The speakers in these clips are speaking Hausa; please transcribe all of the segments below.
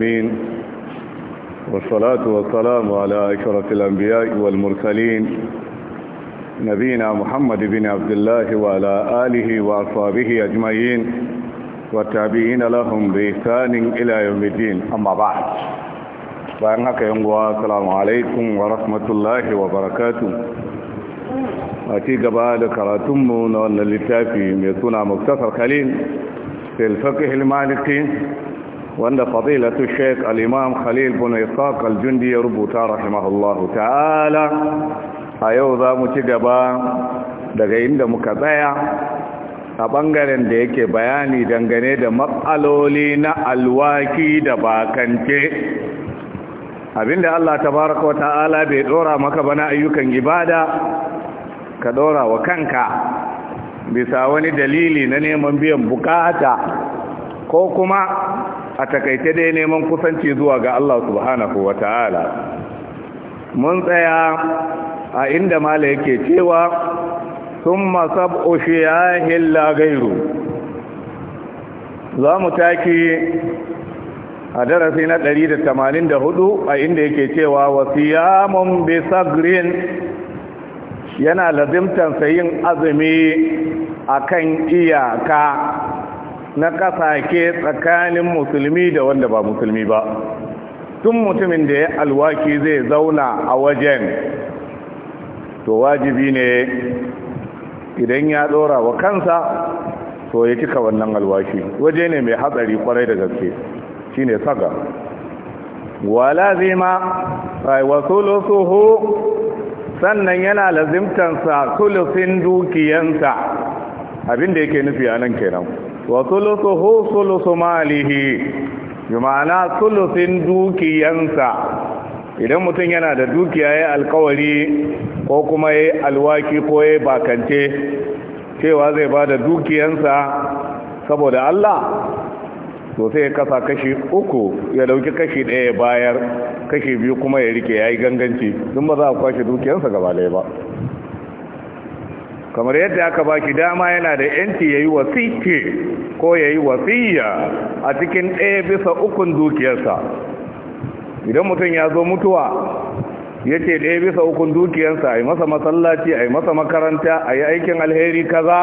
مين والصلاة والسلام على أشرف الأنبياء والمرسلين نبينا محمد بن عبد الله وعلى آله وأصحابه أجمعين والتابعين لهم بإحسان إلى يوم الدين أما بعد بأنك ينقوى السلام عليكم ورحمة الله وبركاته أتيك بعد كراتم من اللتافي يكون مختصر خليل في الفقه المالكي wanda fadilatu sheik alimam khalil bin ishaq al-jundi ya rubuta rahimahullahu ta'ala a yau za mu ci gaba daga inda muka tsaya a bangaren da yake bayani dangane da matsaloli na alwaki da bakance abinda Allah tabaraka wa ta'ala bai ɗora maka bana ayyukan ibada ka ɗora wa kanka bisa wani dalili na neman biyan bukata ko kuma a takaice dai neman kusanci zuwa ga Allah subhanahu wa ta'ala mun tsaya a inda mala yake cewa sun masab ushiyahin lagairu za mu taki a darasi na 184 a inda yake cewa bisa green yana lazimtansa yin azumi a kan iyaka na ke tsakanin musulmi da wanda ba musulmi ba tun mutumin da ya alwaki zai zauna a wajen to wajibi ne idan ya dora wa kansa to ya cika wannan alwaki waje ne mai hatsari kwarai da gaske shine saga walazima sulusuhu sannan yana lazimtansa sulusin dukiyansa abinda yake nufi a nan kenan wa sulusuhu sulusu malihi juma'ana sulusin dukiyansa idan mutum yana da dukiya ya alkawari ko kuma ya alwaki ko ya bakance cewa zai ba da dukiyansa saboda Allah to sai ya kasa kashi uku ya dauki kashi ɗaya bayar kashi biyu kuma ya rike ya yi ganganci don ba za a kwashe dukiyansa gaba ɗaya ba kamar yadda aka baki dama yana da yanci ya yi wasike ko ya yi wasiya a cikin ɗaya bisa ukun dukiyarsa idan mutum ya zo mutuwa ya ce ɗaya bisa ukun dukiyarsa a yi masa masallaci a yi masa makaranta a yi aikin alheri kaza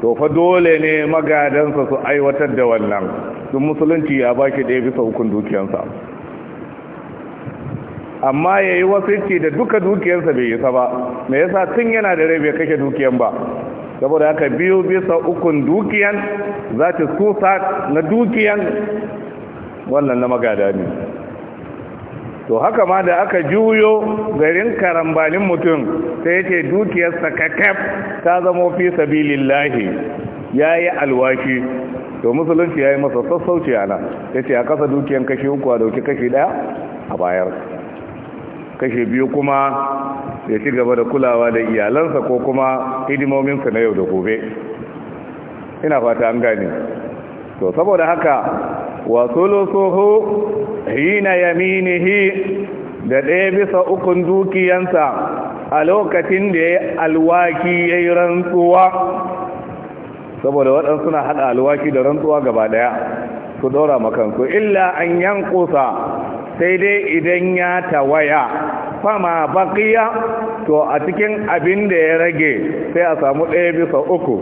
to fa dole ne magadansa su aiwatar da wannan sun musulunci ya ba shi ɗaya bisa ukun dukiyarsa amma ya yi ce da duka dukiyarsa bai yi ba me yasa tun yana da rai bai kashe dukiyar ba saboda haka biyu bisa ukun dukiyan za ta susa na dukiyan wannan na magada ne to haka ma da aka juyo garin karambalin mutum sai yake dukiyarsa kakaf ta zamo fi sabilillahi yi alwashi to musulunci ya yi masa sassauci ana ce a kasa dukiyan kashi uku a dauki kashi daya a bayar kashe biyu kuma ya ci gaba da kulawa da iyalansa ko kuma hidimominsa na yau da gobe ina fata an gane to saboda haka wa sulusuhu hina yaminihi da ɗaya bisa ukun dukiyansa a lokacin da ya alwaki ya yi rantsuwa saboda waɗansu na haɗa alwaki da rantsuwa gaba ɗaya su ɗora makansu illa an yankusa sai dai idan ya tawaya fama baqiya to a cikin abin da ya rage sai a samu ɗaya bisa uku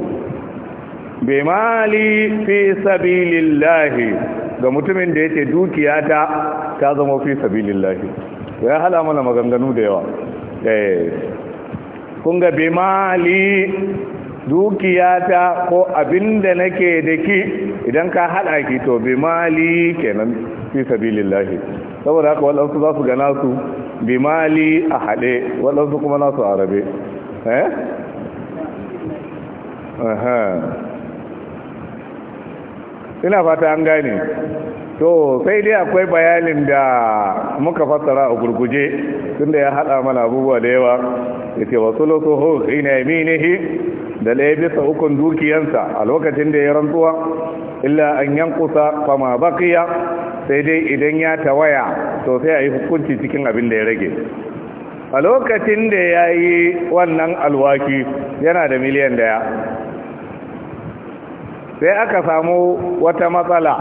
bimali fi sabilillahi ga mutumin da yake dukiya ta ta zama fi sabilillahi ya hala mana maganganu da yawa eh kun ga bimali dukiyata ko abinda nake da ki idan ka hada ki to bi mali kenan fi sabilillahi saboda haka wadansu za su gana su bi mali a haɗe wadansu kuma nasu arabe. rabe eh? ina fata an gane to sai dai akwai bayanin da muka fassara a gurguje tunda ya hada mana abubuwa da yawa yace wa sulusuhu ina yaminihi da laye bisa hukun dukiyansa a lokacin da ya rantsuwa illa an yankusa fama bakiya sai dai idan ya tawaya to sai yi hukunci cikin abin da ya rage a lokacin da ya yi wannan alwaki yana da miliyan daya sai aka samu wata matsala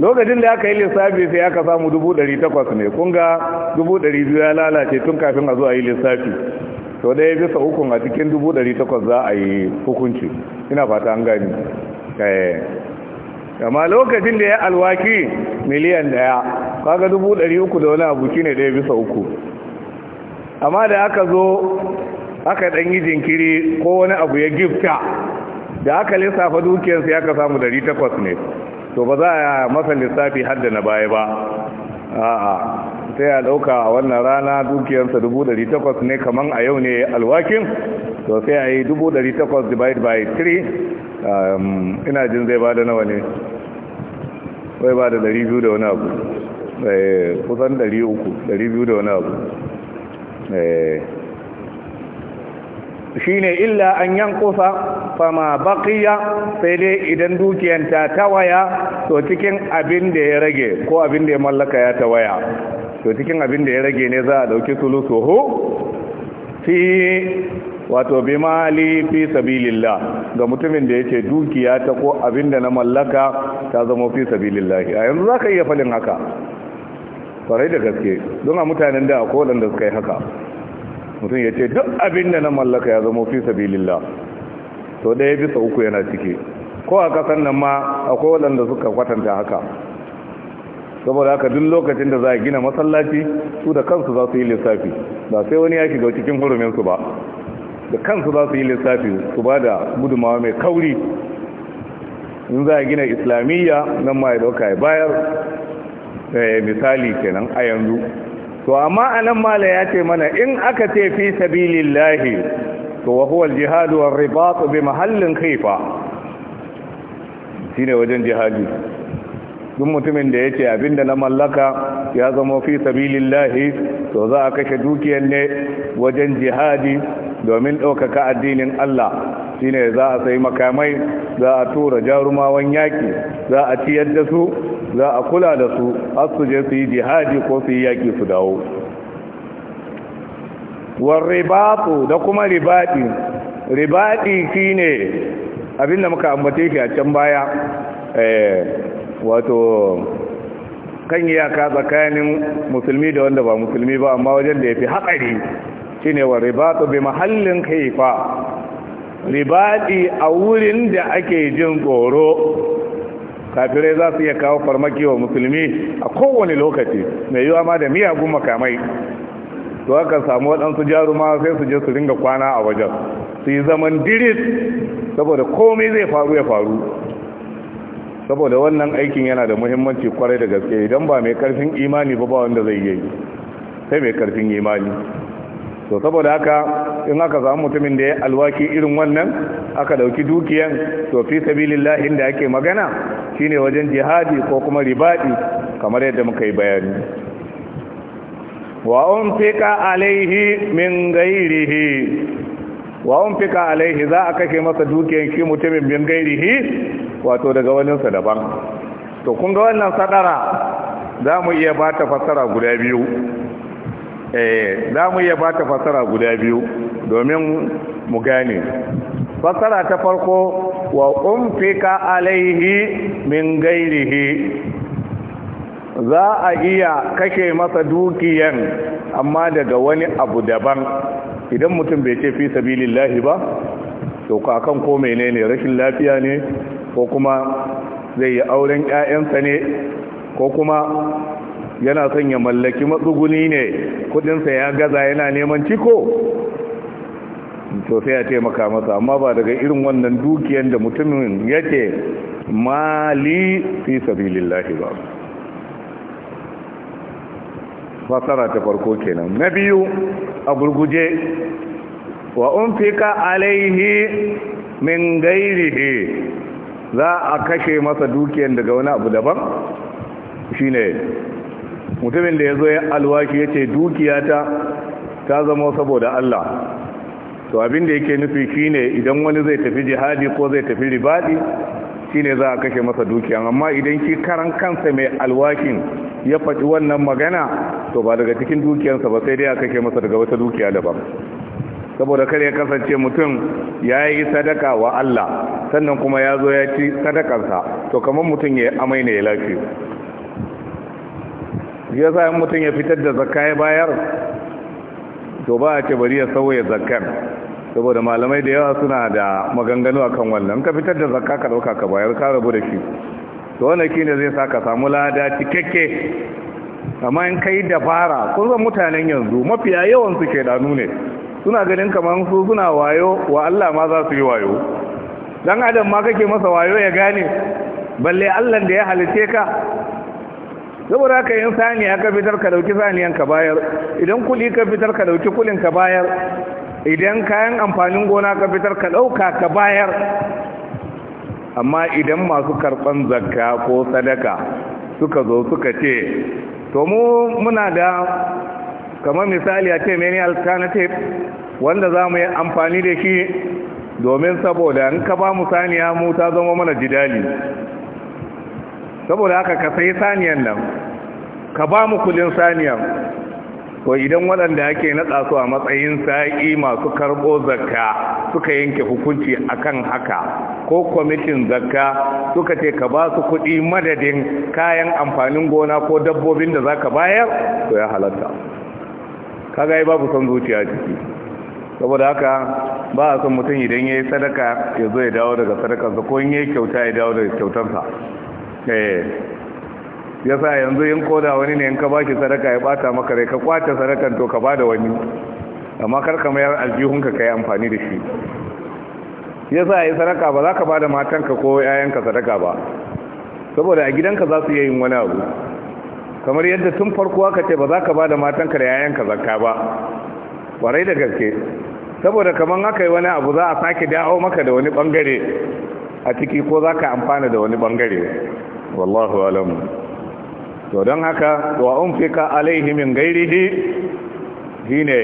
lokacin da aka yi lissafi sai aka samu dubu ɗari takwas ne kun ga dubu ɗari biyu ya lalace tun kafin a zo a yi lissafi to ɗaya bisa hukun a cikin dubu ɗari takwas za a yi hukunci ina fata an gani eh. amma lokacin da ya alwaki miliyan ɗaya kaga dubu ɗari uku da wani abu shi ne ɗaya bisa uku amma da aka zo aka ɗan yi jinkiri ko wani abu ya gifta da aka lissafa dukiyarsa ya ka samu ɗari takwas ne to ba za a masa lissafi hadda na baya ba a'a sai a dauka a wannan rana dukiyarsa takwas ne kamar a yau ne alwakin to sai a yi takwas divided by 3 um, ina jin zai bada nawa ne wai ba da biyu da wani abu eh, kusan 300 biyu da wani abu eh. shine illa an yankusa fama baqiya sai dai idan dukiyanta ta waya to cikin abin da ya rage ko abin da ya mallaka ya ta to cikin abin da ya rage ne za a dauki sulusuhu fi wato bi mali fi sabilillah ga mutumin da yake dukiya ta ko abin da na mallaka ta zama fi sabilillah a yanzu zaka iya falin haka farai da gaske don a mutanen da ko da suka yi haka mutum ya ce duk abin da na mallaka ya zama fi sabilillah to ɗaya bisa uku yana ciki ko a kasan nan ma akwai waɗanda suka kwatanta haka saboda haka duk lokacin da za a gina masallaci su da kansu za su yi lissafi ba sai wani ya shiga cikin huruminsu ba da kansu za su yi lissafi su ba da gudumawa mai kauri in za a gina islamiyya nan ma ya dauka ya bayar eh, misali kenan a yanzu to amma anan mala ya ce mana in aka ce fi sabilillahi to wa huwa al-jihad wa ribat bi mahallin khifa shine wajen jihadi duk mutumin da yace abinda na mallaka ya zama fi sabilillahi to za a kashe dukiyar ne wajen jihadi domin ɗaukaka addinin Allah shine za a sai makamai za a tura jarumawan yaƙi za a ciyar da su za a kula da su har su je su yi jihadi ko su yi yaƙi su dawo warribatu da kuma ribadi ribadi shine abinda muka ambace shi a can baya eh wato kan iyaka tsakanin musulmi da wanda ba musulmi ba amma wajen da ya fi haƙari shine wa ribatu bi mahallin kaifa ribaɗi a wurin da ake jin tsoro kafirai za su iya kawo farmaki wa musulmi a kowane lokaci mai yiwa ma da miyagun makamai to aka samu waɗansu jaruma sai su je su ringa kwana a wajen su yi zaman diris saboda komai zai faru ya faru saboda wannan aikin yana da muhimmanci kwarai da gaske idan ba mai karfin imani ba ba wanda zai yi sai mai karfin imani to saboda haka in aka samu mutumin da ya alwaki irin wannan aka dauki dukiyan to fi sabilillah inda ake magana shine wajen jihadi ko kuma ribadi kamar yadda muka yi bayani wa unfika alaihi min ghairihi wa unfika alaihi za a kashe masa dukiyan shi mutumin min ghairihi wato daga waninsa daban to kun ga wannan sadara za mu iya ba ta fassara guda biyu eh za mu iya bata fasara guda biyu domin mu gane fasara ta farko wa umfika alaihi min gairihi za a iya kashe masa dukiyan amma daga wani abu daban idan mutum bai ce fi sabilillahi ba to kakan ko menene rashin lafiya ne ko kuma zai yi auren 'ya'yansa ne ko kuma yana son ya mallaki matsuguni ne kudinsa ya gaza yana neman ciko to sai ya taimaka masa amma ba daga irin wannan dukiyar da mutumin yake mali fi sabilillahi ba fasara ta farko kenan na biyu a gurguje wa unfika alaihi min gairihi za a kashe masa dukiyar daga wani abu daban shine mutumin da ya zo ya alwashi ya ce dukiyata ta zama saboda Allah to abin da yake nufi shine idan wani zai tafi jihadi ko zai tafi ribadi shine za a kashe masa dukiya amma idan shi karan kansa mai alwakin ya faɗi wannan magana to ba daga cikin dukiyarsa ba sai dai a kashe masa daga wata dukiya ba saboda kar ya kasance mutum ya yi sadaka wa Allah sannan kuma ya zo ya ci sadakarsa to kamar mutum ya amai ne ya lafiya ya sa mutum ya fitar da zakka ya bayar to ba a ce bari ya sauya zakkar saboda malamai da yawa suna da maganganu akan wannan ka fitar da zakka ka dauka ka bayar ka rabu da shi to ki ne zai sa ka samu lada cikakke amma in kai fara. kun san mutanen yanzu mafiya yawan su ke danu ne suna ganin kamar su suna wayo wa Allah ma za su yi wayo dan adam ma kake masa wayo ya gane balle Allah da ya halice ka saboda ka yin saniya ka fitar ka dauki saniyan ka bayar idan kuli ka fitar ka dauki kulin ka bayar idan kayan amfanin gona ka fitar ka dauka ka bayar amma idan masu karban zakka ko sadaka suka zo suka ce to mu muna da kamar misali a ce many alternative wanda za mu yi amfani da shi domin saboda in ka ba mu saniya mu ta zama mana jidali saboda haka ka sai saniyan nan ka ba mu kulin saniyan ko idan waɗanda ake natsa su a matsayin sa'i masu karɓo zakka suka yanke hukunci akan haka ko kwamitin zakka suka ce ka ba su kuɗi madadin kayan amfanin gona ko dabbobin da za ka bayar to ya halatta kaga yi babu son zuciya ciki saboda haka ba a son mutum idan ya yi sadaka ya zo ya dawo daga sadakarsa ko in ya yi kyauta ya dawo daga kyautarsa Eh. ya sa yanzu yin koda wani ne yanka ka ba shi sadaka ya bata maka rai ka kwace sadakan to ka ba da wani amma karka mayar aljihunka ka yi amfani da shi ya sa yi sadaka ba za ka ba da matanka ko 'ya'yanka sadaka ba saboda a gidanka za su yin wani abu kamar yadda tun farko aka ce ba za ka ba da matanka da 'ya'yanka zakka ba warai da gaske saboda kamar aka yi wani abu za a sake dawo maka da wani bangare a ciki ko za ka amfana da wani bangare wallahu alamu to don haka wa ka alaihi min gairihi shine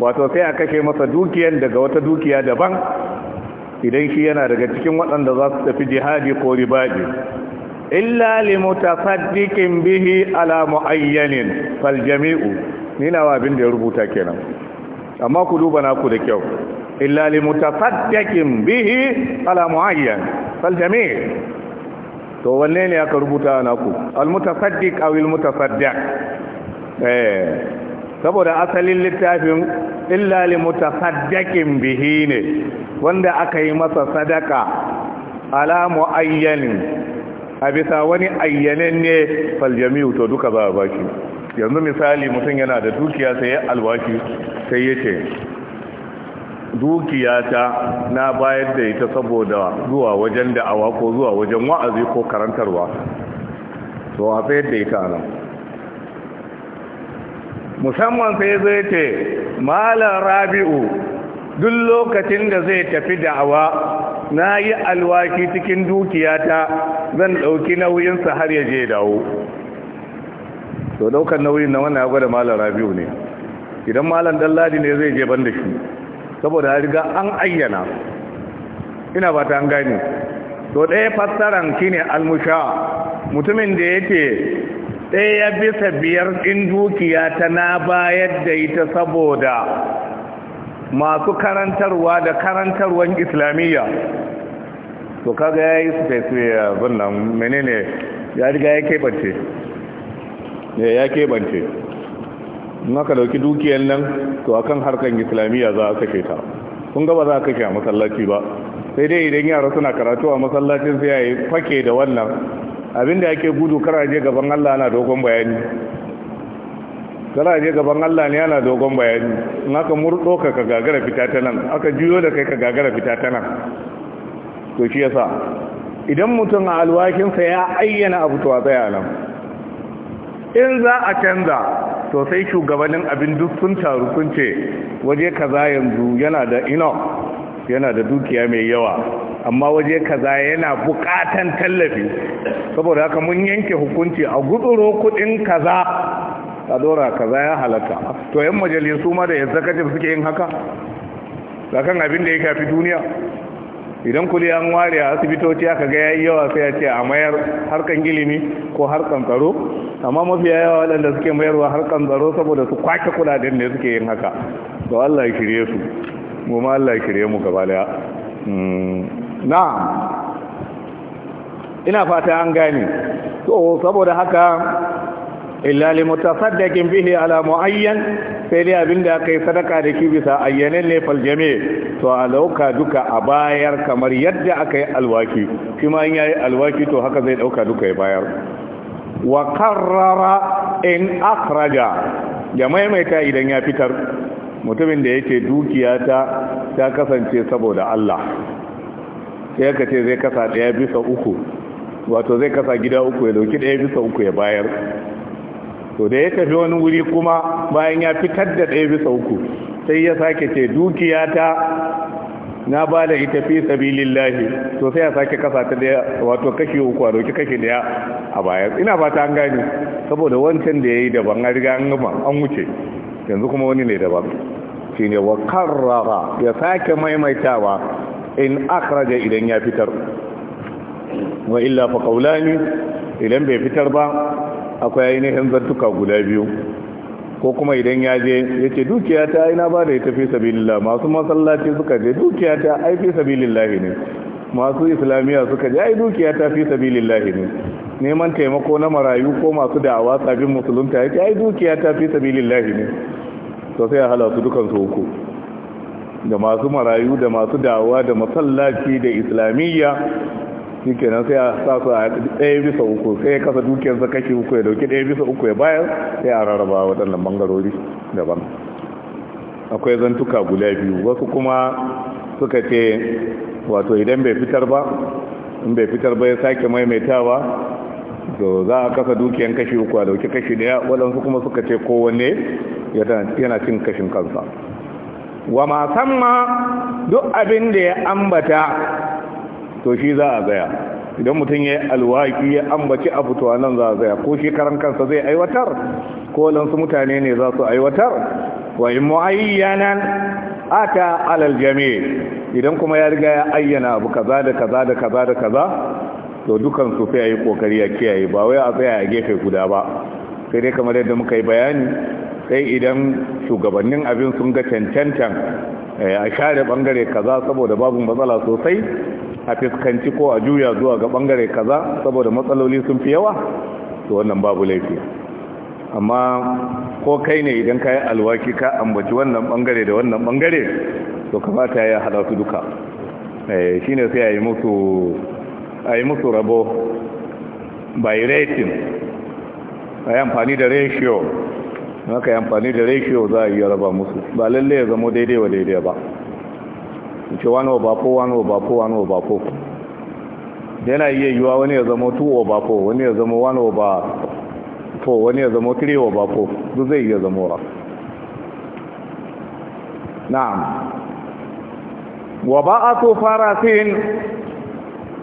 wato sai a kashe masa dukiyan daga wata dukiya daban idan shi yana daga cikin waɗanda za su tafi jihadi ko ribaji illa li mutasaddiqin bihi ala muayyanin fal jami'u nina wa abin da ya rubuta kenan amma ku duba naku da kyau illa li bihi ala muayyan fal jami' to wanne ne aka rubuta naku al mutasaddiq aw al eh saboda asalin littafin illa li mutasaddaqin bihi ne wanda aka yi masa sadaka ala muayyanin a bisa wani ayyanen ne fal to duka za a baki yanzu misali mutum yana da dukiya sai alwashi sai ya ce dukiyata na bayar da ita saboda zuwa wajen da'awa ko zuwa wajen wa'azi ko karantarwa to a fayar da ita nan musamman sai zai ce malar rabi'u duk lokacin da zai tafi da'awa na yi alwaki cikin dukiyata zan ɗauki nauyinsa har ya je dawo to ɗaukar nauyin na wannan ya gwada malar rabi'u ne idan malar Danladi ne zai je ban da shi saboda ya riga an ayyana ina ba ta an gani to ɗaya fassaran ne almusha mutumin da yake ɗaya bisa biyar ɗin dukiya ta na bayar da ita saboda masu karantarwa da karantarwan islamiyya to kaga ya yi su ya a bannan menene ya riga ya keɓance ya keɓance in aka dauki dukiyar nan to akan harkan islamiyya za a kashe ta kun ga ba za a kashe a masallaci ba sai dai idan yara suna karatu a masallacin sai yayi fake da wannan abin da ake gudu karaje gaban Allah ana dogon bayani karaje gaban Allah ne ana dogon bayani in aka murdo ka ka gagara fita ta nan aka juyo da kai ka gagara fita ta nan to shi yasa idan mutum a alwakinsa ya ayyana abu to a tsaya nan in za a canza to sai shugabannin abin duk sun taru sun ce waje kaza yanzu yana da ino yana da dukiya mai yawa amma waje kaza yana bukatan tallafi saboda haka mun yanke hukunci a gutsuro kudin kaza a dora kaza ya halatta to yan majalisu ma da yanzu suke yin haka kan abin da ya fi duniya idan kuli an ware a asibitoci aka ga yayi yawa sai ya ce a mayar harkan ilimi ko harkan tsaro amma mafiya yawa waɗanda suke mayarwa har tsaro saboda su kwake kudaden ne suke yin haka to Allah ya shirye su mu Allah ya shirye mu gaba daya hmm. na ina fata an gane to saboda haka illa li mutasaddiqin bihi ala muayyan sai dai abinda kai sadaka da ki bisa ayyanan ne fal jami' to a duka a bayar kamar yadda aka yi alwaki kuma in yayi alwaki to haka zai dauka duka ya bayar wa karrara in akhraja ya maimaita idan ya fitar mutumin da yake dukiyata ta kasance saboda Allah sai ka ce zai kasa daya bisa uku wato zai kasa gida uku ya dauki daya bisa uku ya bayar to da ya tafi wani wuri kuma bayan ya fitar da daya bisa uku sai ya sake ce dukiyata na ba da ita fi sabilillahi to sai a sake kasa ta daya wato kashi uku a roki kashi daya a baya ina fata an gane saboda wancan da ya yi daban an riga an gama an wuce yanzu kuma wani ne daban Shi ne wa karrara ya sake maimaitawa in akhraja idan ya fitar wa illa fa kaulani idan bai fitar ba akwai ainihin zartuka guda biyu ko kuma idan ya je ya ce dukiya ta ina ba da ita fi sabilillah masu masallaci suka je dukiya ta ai fi sabilillah ne masu islamiyya suka je ai dukiya ta fi sabilillah ne neman taimako na marayu ko masu da'awa sabin musulunta ya ce ai dukiya ta fi sabilillah ne to sai hala su dukan su uku da masu marayu da masu da'awa da masallaci da islamiyya shi nan sai a sa su a ɗaya bisa uku sai ya kasa dukiyarsa kashi uku ya dauki ɗaya bisa uku ya bayar sai a rarraba waɗannan bangarori daban akwai zantuka guda biyu wasu kuma suka ce wato idan bai fitar ba in bai fitar ba ya sake maimaitawa to za a kasa dukiyan kashi uku a dauki kashi daya waɗansu kuma suka ce kowanne yana cin kashin kansa wa ma duk abin da ya ambata to shi za a zaya idan mutum ya yi alwaki ya ambaci a fitowa nan za a zaya ko shi karan kansa zai aiwatar ko lansu mutane ne za su aiwatar wa in mu'ayyanan ata alal jami' idan kuma ya riga ya ayyana abu kaza da kaza da kaza da kaza to dukan su sai ayi kokari ya kiyaye ba wai a tsaya a gefe guda ba sai dai kamar yadda muka yi bayani sai idan shugabannin abin sun ga cancantan eh, a share bangare kaza saboda babu matsala sosai a fiskanci ko a juya zuwa ga bangare kaza saboda matsaloli sun fi yawa to wannan babu laifi amma ko kai ne idan ka yi alwaki ka ambaci wannan bangare da wannan bangare to kamata ya halatu duka eh, shi ne sai a yi musu rabo by rating a yi amfani da ratio ka yi amfani da ratio za a yi raba musu ba lalle ya zama daidai wa daidai ba in ce wani obapo wani obapo wani obafo yana iya yiwuwa wani ya zama 2 obapo wani ya zama 1 obafo wani ya zama 3 obapo duk zai iya zama wa na'am wa ba ba'atu farasin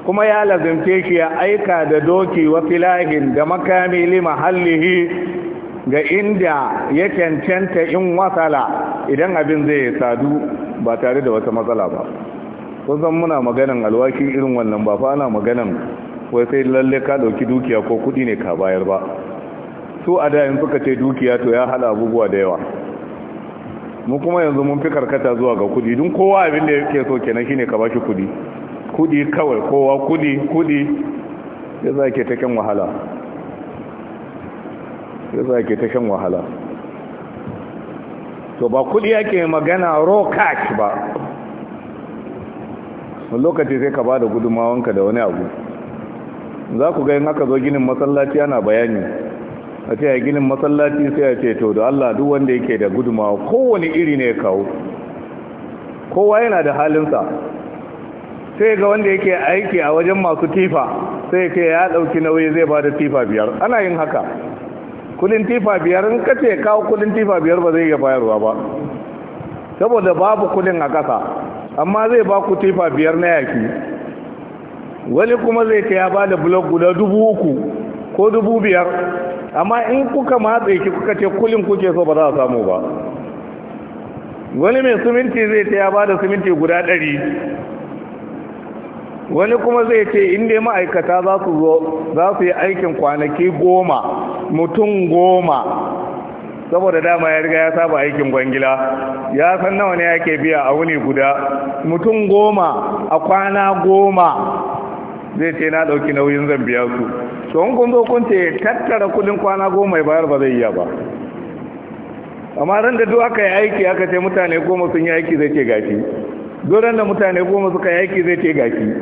kuma ya lazimce shi ya aika da doki wa filahin da makami li mahallihi ga inda ya cancanta in wasala idan abin zai sadu ba tare da wata matsala ba kun san muna maganan alwaki irin wannan ba fa ana maganan wai sai lalle ka dauki dukiya ko kudi ne ka bayar ba su a da yanzu suka ce dukiya to ya hada abubuwa da yawa mu kuma yanzu mun fi karkata zuwa ga kudi dun kowa abin da yake so kenan shine ka bashi kudi kudi kawai kowa kudi kudi ya zake ta wahala ya zake ta wahala to ba kudi yake magana raw cash ba wani lokaci sai ka ba da gudumawanka da wani abu za ku ga yin aka zo ginin masallaci ana bayani a ce a ginin masallaci sai a ce to da Allah duk wanda yake da gudumawa kowane iri ne kawo kowa yana da halinsa sai ga wanda yake aiki a wajen masu tifa sai ke ya dauki nauyi zai ba da tifa biyar ana yin haka kudin tifa biyar in ka ce kawo kudin tifa biyar ba zai iya bayarwa ba saboda babu kudin a ƙasa amma zai ba ku tifa biyar na yaki wani kuma zai ta ya ba da blog guda dubu uku ko dubu biyar amma in kuka matse ki kuka ce kulin kuke so ba za a samu ba wani mai siminti zai ta ya ba da siminti guda ɗari wani kuma zai ce inda ma'aikata za su zo za su yi aikin kwanaki goma mutum goma saboda dama ya riga ya saba aikin gwangila ya san nawa ne yake biya a wuni guda mutum goma a kwana goma zai ce na ɗauki nauyin zan biya su so in kun zo kun ce tattara kudin kwana goma bayar ba zai iya ba amma ran da duk aka yi aiki aka ce mutane goma sun yi aiki zai ce gashi doron da mutane goma suka yaki zai ce gaki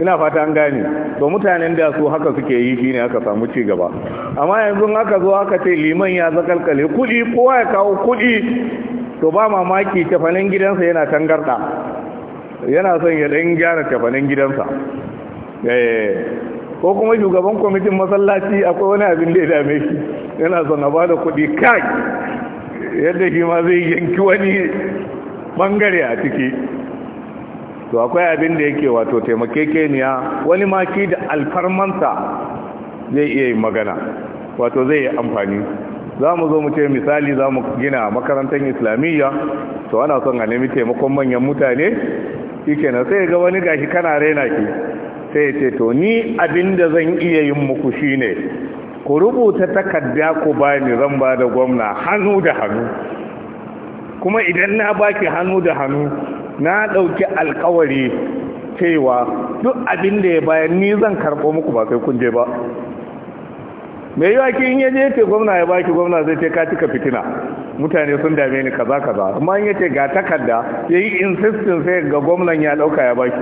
ina fata an gane to mutanen da su haka suke yi ne aka samu ci gaba amma yanzu aka zo aka ce liman ya zakalkale kudi ko ya kawo kudi to ba mamaki tafanin gidansa yana tangarda yana son ya ɗan gyara tafanin gidansa eh, ko kuma shugaban kwamitin masallaci akwai wani abin da ya dame shi yana son a bada kudi kai yadda shi ma zai yanki wani bangare a ciki to akwai abin da yake wato taimakekeniya wani maki da alfarmansa zai iya yin magana wato zai yi amfani za mu zo mu ce misali za mu gina makarantar islamiyya to ana son a nemi taimakon manyan mutane shi kenan sai ga wani gashi kana rena ki sai ce to ni abin da zan iya yin muku ne. ku rubuta takarda ku bani zan ba da gwamna hannu da hannu kuma idan na baki hannu da hannu na ɗauki alkawari cewa duk abin da ya bayan ni zan karɓo muku ba sai kun je ba Me yawa ki in yaje ce gwamna ya baki gwamna zai ce ka cika fitina mutane sun dame ni kaza kaza amma in yace ga takarda yayi insistence sai ga gwamnan ya dauka ya baki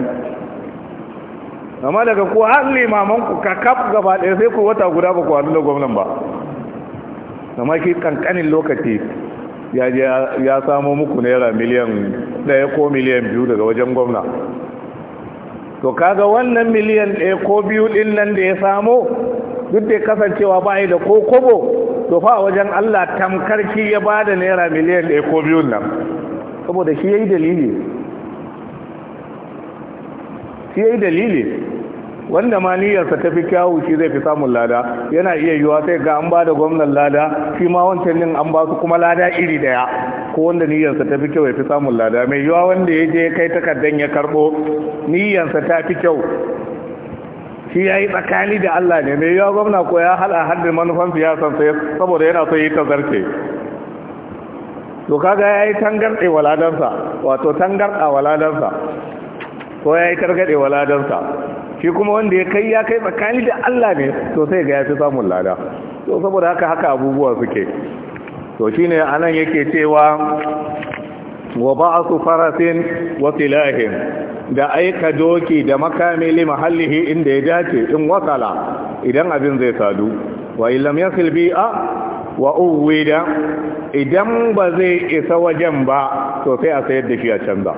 amma daga ku har limaman ku ka kaf gaba ɗaya sai ku wata guda ba ku wani da gwamnan ba amma ki kankanin lokaci ya ya samo muku naira miliyan ɗaya ko miliyan biyu daga wajen gwamna to kaga wannan miliyan ɗaya ko biyu ɗin nan da ya samo duk da kasancewa ba da ko kobo to fa wajen Allah tamkarki ya bada da naira miliyan ɗaya ko biyun nan saboda shi yayi dalili shi yayi dalili wanda ma niyyarsa ta fi kyawu shi zai fi samun lada yana iya yiwa sai ga an ba da gwamnan lada shi ma wancan din an ba su kuma lada iri daya ko wanda niyyarsa ta fi kyau ya fi samun lada mai yiwa wanda ya je kai takardan ya karbo niyyarsa ta fi kyau shi ya yi tsakani da Allah ne mai yiwa gwamna ko ya hada haddin manufan siyasar sai saboda yana so yi ta zarce to kaga ya yi tangarɗe waladansa wato tangarɗa waladansa ko ya yi kargade wa ladansa shi kuma wanda ya kai ya kai tsakani da Allah ne to sai ga ya fi samun lada to saboda haka haka abubuwa suke to shi shine anan yake cewa wa ba su farasin wa silahin da aika doki da makamili mahallihi inda ya dace in wakala idan abin zai sadu wa ya silbi A? wa uwida idan ba zai isa wajen ba to sai a sayar da shi a canza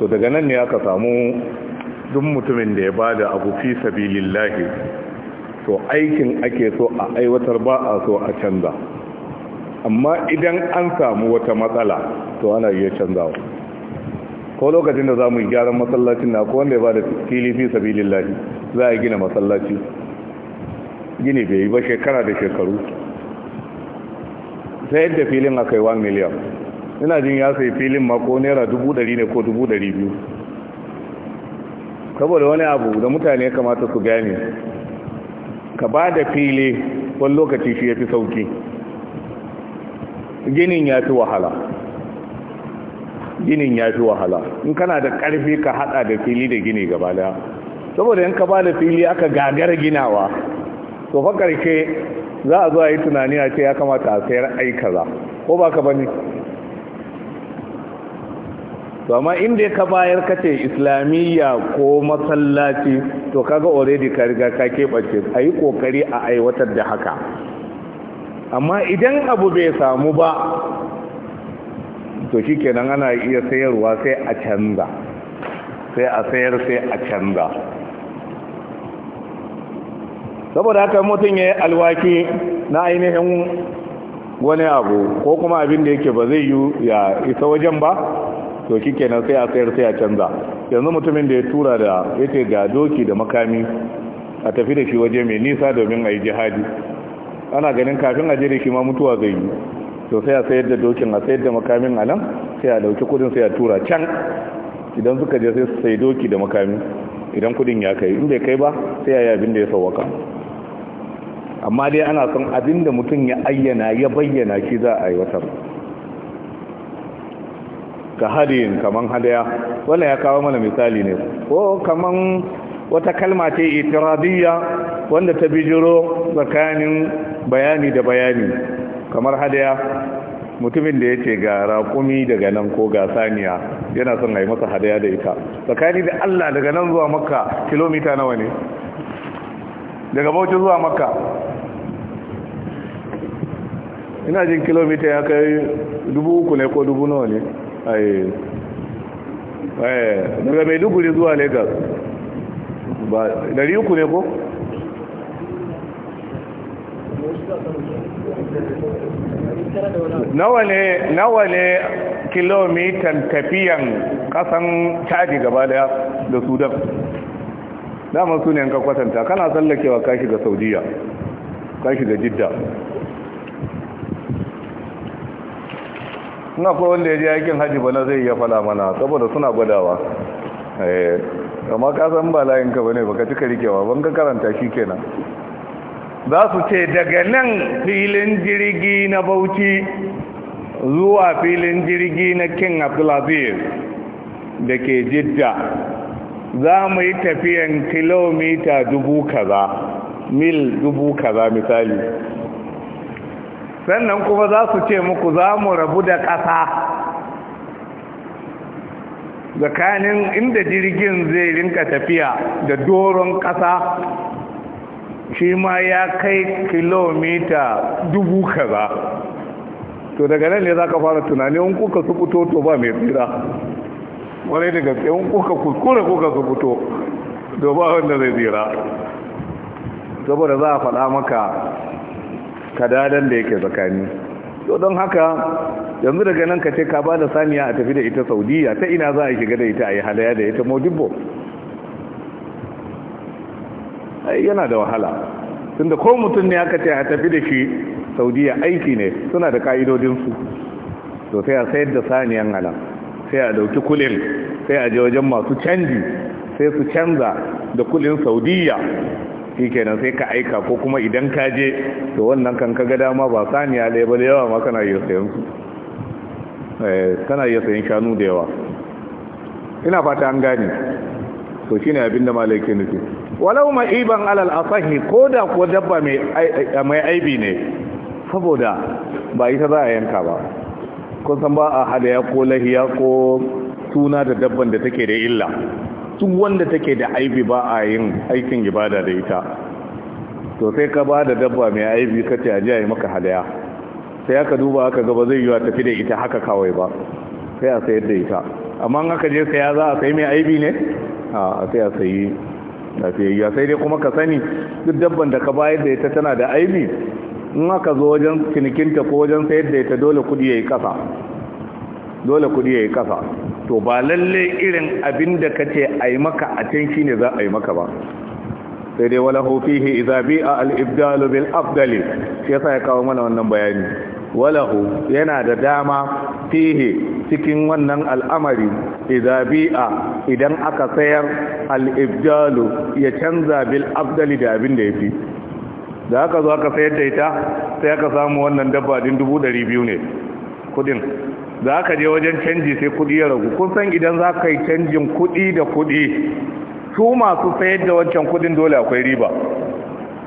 to daga nan ne aka samu duk mutumin da ya ba da abu fi sabilillahi to aikin ake so a aiwatar ba a so a canza amma idan an samu wata matsala to ana iya canzawa ko lokacin da za mu gyaran masallacin na wanda ya da fili fi sabilillahi za a gina masallaci gini bai yi ba shekara da shekaru sai yadda filin aka yi 1 miliyan ina jin ya sai filin ma ko naira dubu ɗari ne ko dubu ɗari biyu saboda wani abu da mutane ya kamata su gane ka ba da fili wani lokaci shi ya fi sauki ginin ya fi wahala ginin ya fi wahala in kana da ƙarfi ka hada da fili da gini gaba daya saboda in ka ba da fili aka gagar ginawa to fa za a zo a yi tunani a ce ya kamata a sayar aikaza ko ba ka bane to amma inda ka bayar ka ce islamiyya ko masallaci to kaga already ka riga ka keɓance a yi ƙoƙari a aiwatar da haka amma idan abu bai samu ba to shikenan ana iya sayarwa sai a canza sai a sayar sai a canza saboda haka mutum ya yi alwaki na ainihin wani abu ko kuma abin da yake ba zai yi ya isa wajen ba to kenan sai a tsayar sai a canza yanzu mutumin da ya tura da yace ga doki da makami a tafi da shi waje mai nisa domin a yi jihadi ana ganin kafin a je da shi ma mutuwa zai yi to sai a sayar da dokin a sayar da makamin a nan sai a dauki kudin sai a tura can idan suka je sai su sai doki da makami idan kudin ya kai in bai kai ba sai ya yi abin da ya sauwaka amma dai ana son abin da mutum ya ayyana ya bayyana shi za a aiwatar ka hadin kaman hadaya wannan ya kawo mana misali ne ko kaman wata kalma ce itiradiyya wanda ta bijiro tsakanin bayani da bayani kamar hadaya mutumin da ya ce ga raƙumi daga nan ko ga saniya yana son a yi masa hadaya da ita tsakani da allah daga nan zuwa makka kilomita nawa ne daga bauchi zuwa makka ina jin kilomita ya kai dubu uku ne ko dubu nawa ne Eh, daga maiduguri zuwa Legas ba dari uku ne ko? nawa ne kilomitan tafiyan kasan caji gaba daya da sudan dama su ne yankan kwatanta kana tsallakewa kashi ga saudiya kashi ga jidda na ko wanda ya je aikin haji bana zai iya fada mana saboda suna gwadawa eh amma ka san ba layin ka bane baka cika rikewa ban ka karanta shi kenan za su ce daga nan filin jirgi na Bauchi zuwa filin jirgi na King Abdulaziz da ke Jidda za mu yi tafiyan kilomita dubu kaza mil dubu kaza misali sannan kuma za su ce muku za mu rabu da ƙasa Zakanin inda jirgin zai rinka tafiya da doron ƙasa shi ma ya kai kilomita dubu kaza to daga nan ne za ka fara tunani in kuka su fito to ba mai tsira wani daga gaske wani kuka kuskure kuka su fito to ba wanda zai tsira saboda za a faɗa maka kadadan da yake zakani to don haka yanzu daga nan ka ce ka ba da saniya a tafi da ita saudiya ta ina za a shiga da ita a yi halaya da ita modibbo yana da wahala tunda ko mutum ne aka ce a tafi da shi saudiya aiki ne suna da ka'idodinsu to sai a sayar da saniyan hala sai a dauki kulin sai a je wajen masu canji sai su canza da kulin saudiya shikenan sai ka aika ko kuma idan ka je to wannan kan kaga dama ba saniya ɗaya ba da yawa ma kana iya sayan su eh, kana iya sayan shanu da yawa ina fata an gane to shine abin da malaike nufi walau iban alal asahi ko da ko dabba mai aibi ne saboda ba ita za a yanka ba kun san ba a hadaya ko lahiya ko suna da dabban da take da illa duk wanda take da aibi ba a yin aikin ibada da ita to sai ka ba da dabba mai aibi ka ce aje yi maka hadaya sai aka duba aka gaba zai yiwa tafi da ita haka kawai ba sai a sayar da ita amma in aka je saya za a sai mai aibi ne a sai a sayi lafiyayya sai dai kuma ka sani duk dabban da ka bayar da ita tana da aibi in aka zo wajen cinikinta ko wajen sayar da ita dole kudi yayi kasa dole kudi yayi kasa to ba lalle irin abin da ka ce a yi maka a can shi za a yi maka ba sai dai wala hufihi izabi a al'ibdalu bil abdali shi yasa ya kawo mana wannan bayani walahu yana da dama fihi cikin wannan al'amari bia idan aka sayar al'ibdalu ya canza bil abdali da abin da ya fi da aka zo aka sayar da ita sai aka samu wannan dabba din dubu ɗari biyu ne kudin za ka je wajen canji sai kudi ya ragu kun san idan za ka yi canjin kudi da kudi su masu sayar da wancan kudin dole akwai riba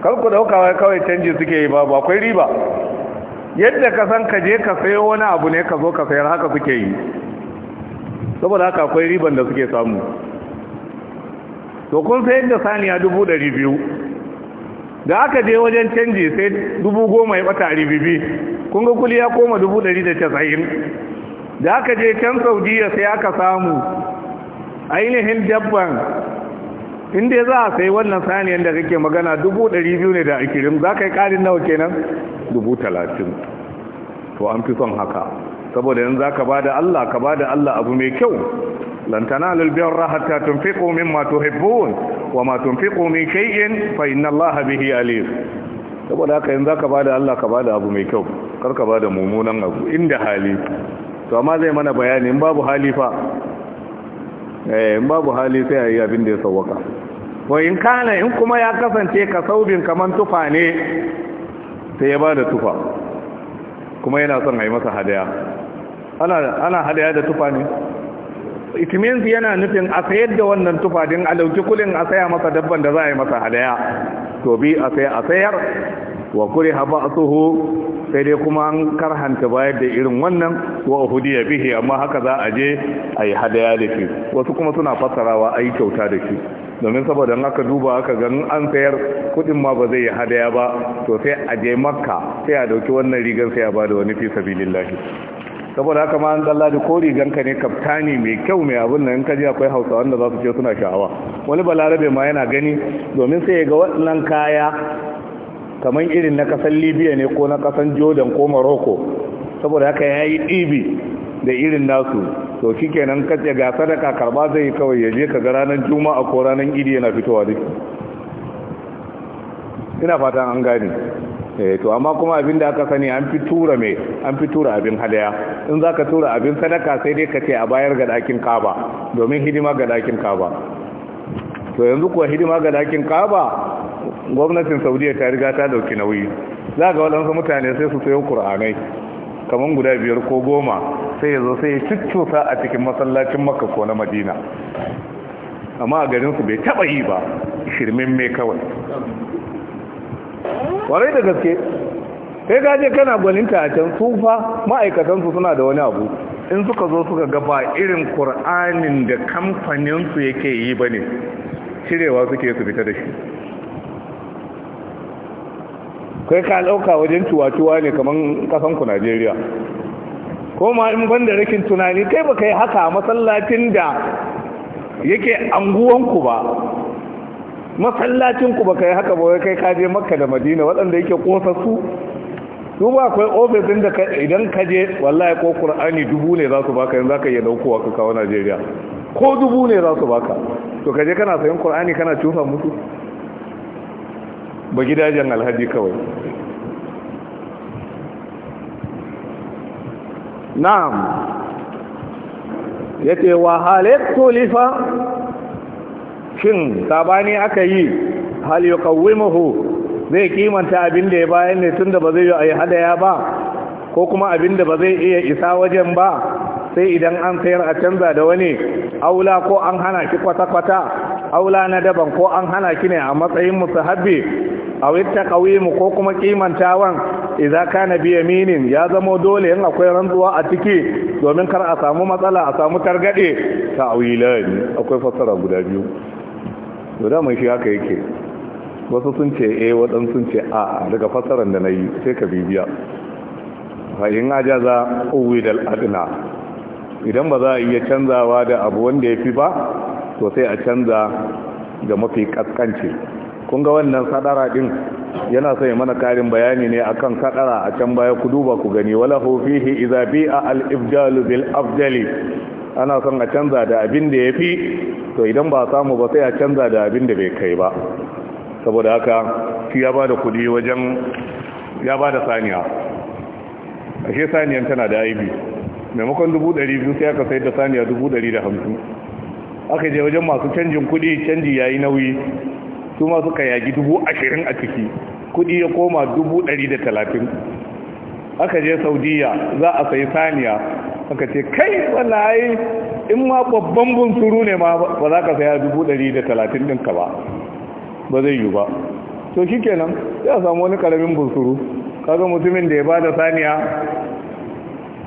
kar ku dauka kawai canji suke yi ba ba akwai riba yadda ka san ka je ka sayo wani abu ne ka zo ka sayar haka suke yi saboda haka akwai riban da suke samu to kun sayar da saniya dubu ɗari biyu da aka je wajen canji sai dubu goma ya bata ribibi kun ga kuli ya koma dubu ɗari da casa'in da aka je can saudiya sai aka samu ainihin dabban inda za a sai wannan saniyan da kake magana dubu ɗari biyu ne da akirin za ka yi ƙarin nawa kenan dubu talatin to an fi son haka saboda yanzu za ka ba allah ka ba da allah abu mai kyau lan tanalu albirra hatta tunfiqu mimma tuhibbun wa ma tunfiqu min shay'in fa inna allaha bihi alim saboda haka yanzu ka bada Allah ka bada abu mai kyau kar ka bada mummunan abu inda hali to amma zai mana bayani in babu hali fa eh in babu hali sai ayi abin da ya sawwaka wa in kana in kuma ya kasance ka saubin kaman tufa ne sai ya bada tufa kuma yana son a yi masa hadaya ana ana hadaya da tufa ne it yana nufin a sayar da wannan tufa din a lauki kulin a saya masa dabban da za a yi masa hadaya to bi a sayar a sayar wa kuri haba asuhu sai dai kuma an karhanta bayar da irin wannan wa ya bihe amma haka za a je a yi hadaya da shi wasu kuma suna fassarawa a yi kyauta da shi domin saboda aka duba aka ganin an sayar kudin ma ba zai yi hadaya ba to sai a je makka sai a dauki wannan rigar sai a ba da wani fi sabilillahi saboda haka ma an tsalla da ko ganka ne kaftani mai kyau mai abin nan ka ji akwai hausa wanda za su ce suna sha'awa wani balarabe ma yana gani domin sai ya ga waɗannan kaya kamar irin na kasan libya ne ko na kasan jordan ko morocco saboda haka ya yi ɗibi da irin nasu to shi kenan kace ga sadaka karba zai kawai ya je ka ga ranar juma'a ko ranar idi yana fitowa duk ina fatan an gane Eh, to amma kuma abin da aka sani an fi tura mai an fi tura abin hadaya in za ka tura abin sadaka sai dai ka ce a bayar ga dakin kaba domin hidima ga dakin kaba to yanzu kuwa hidima ga dakin kaba gwamnatin saudiya ta riga ta dauki nauyi za ga waɗansu mutane sai su sayo kur'anai kamar guda biyar ko goma sai ya zo sai ya cuccusa a cikin masallacin makka ko na madina amma a garinsu bai taɓa yi ba shirmin mai kawai warai da gaske kai gaje kana gwaninta a can su ma'aikatansu suna da wani abu in suka zo suka ga irin ƙur'anin da kamfaninsu yake yi ba ne cirewa suke su fita da shi kai ka ɗauka wajen cuwa ne kamar ƙasanku najeriya ko ma in ban rikin tunani kai ba kai haka a masallacin da yake anguwanku ba masallacin ku baka yi haka ba wai kai ka je makka da madina waɗanda yake kosa su su ba akwai ofisin da idan ka je wallahi ko qur'ani dubu ne za su baka yanzu zaka iya daukowa ka kawo Najeriya ko dubu ne za su baka to ka je kana sayan qur'ani kana cufa musu ba gidajen alhaji kawai na'am yace wa halaktu lifa shin sabani aka yi hal yuqawwimuhu zai kimanta abin da ya bayan ne tunda ba zai yi hadaya ba ko kuma abin da ba zai iya isa wajen ba sai idan an sayar a canza da wani aula ko an hana ki kwata-kwata aula na daban ko an hana shi ne a matsayin musahabbi a witta kawimu ko kuma kimantawan idza kana bi yaminin ya zama dole in akwai rantsuwa a ciki domin kar a samu matsala a samu targade ta awilani akwai fassara guda biyu da mai shi haka yake wasu sun ce a eh, waɗansu sun ce a daga fasarar da na yi sai ka bibiya fahim aja za da adna idan ba za a iya canzawa da abu wanda ya fi ba to sai a canza ga mafi kaskanci kun ga wannan sadara din yana sai mana karin bayani ne akan sadara a can baya ku duba ku gani wala hu fihi idza bi'a al ibdal bil afdali ana son a canza da abin da yafi to idan ba a samu ba sai a canza da abin da bai kai ba saboda haka shi ya ba da kudi wajen ya ba da saniya ashe saniyan tana da aibi maimakon dubu ɗari biyu sai aka sayar da saniya dubu ɗari da hamsin aka je wajen masu canjin kudi canji ya yi nauyi su masu suka yagi dubu ashirin a ciki kudi ya koma dubu ɗari da talatin aka je saudiya za a sayi saniya aka ce kai wallahi in ma babban bunsuru ne ma ba za ka saya dubu da talatin ɗinka ba ba zai yi ba to shi kenan ya samu wani karamin bunsuru kaga mutumin da ya ba da saniya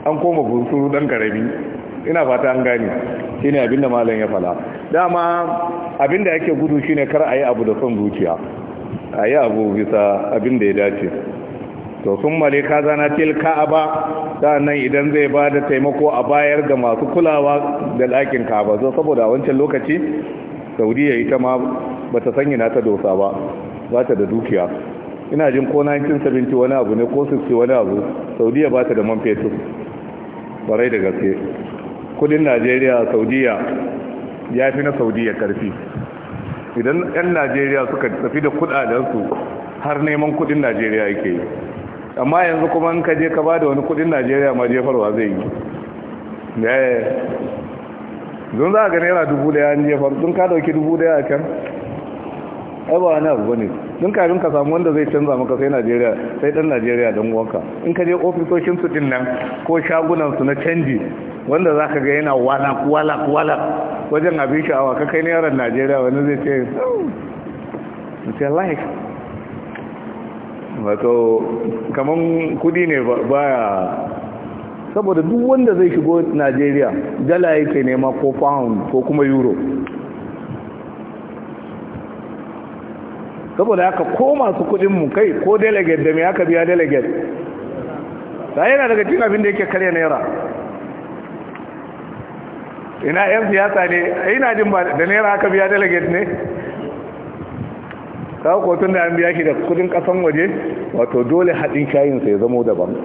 an koma bunsuru ɗan ƙarami ina fata an gane shi ne abinda malam ya fala dama abinda yake gudu shine kar a yi abu da son zuciya a yi abu bisa abin da ya dace to sun male zana tilka a ba nan idan zai ba da taimako a bayar ga masu kulawa da ɗakin kaba zo saboda wancan lokaci saudiya ita ma ba ta sanyi na ta dosa ba ba ta da dukiya ina jin ko 1970 wani abu ne ko 60 wani abu saudiya ba ta da man fetur barai da gaske kudin najeriya saudiya ya fi na saudiya karfi idan 'yan najeriya suka tafi da kudadensu har neman kudin najeriya yake yi amma yanzu kuma in ka je ka ba da wani kudin najeriya ma jefarwa zai yi don eh. za a ga naira dubu daya an jefar don ka dauki dubu daya a can ai ba wani abu ne don kafin ka samu wanda zai canza maka sai najeriya sai dan najeriya don wanka in ka je ofisoshin su din nan ko shagunan su na canji wanda za ka ga yana walak walak walak wajen abin sha'awa ka kai naira najeriya wani zai ce wato kaman kudi ne baya saboda duk wanda zai shigo Najeriya dala yake nema ko pound ko kuma euro saboda haka ko masu kudin mu kai ko delegate da me aka biya delegate ta yana daga cikin abin da yake karya naira ina yan siyasa ne a yi jin ba da naira aka biya delegate ne ta kotun da an biya shi da kudin kasan waje wato dole haɗin shayinsa ya zamo daban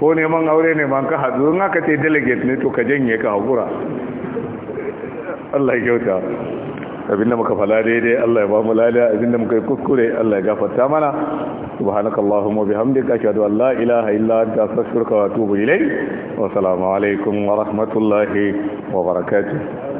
ko neman aure ne man ka haɗu in aka ce delegate ne to ka janye ka haƙura Allah ya kyauta abinda muka fala daidai Allah ya ba mu lada abinda muka yi kuskure Allah ya gafarta mana subhanaka allahumma bihamdika ashhadu an la ilaha illa anta astaghfiruka wa atubu ilayk wa assalamu alaikum wa rahmatullahi wa barakatuh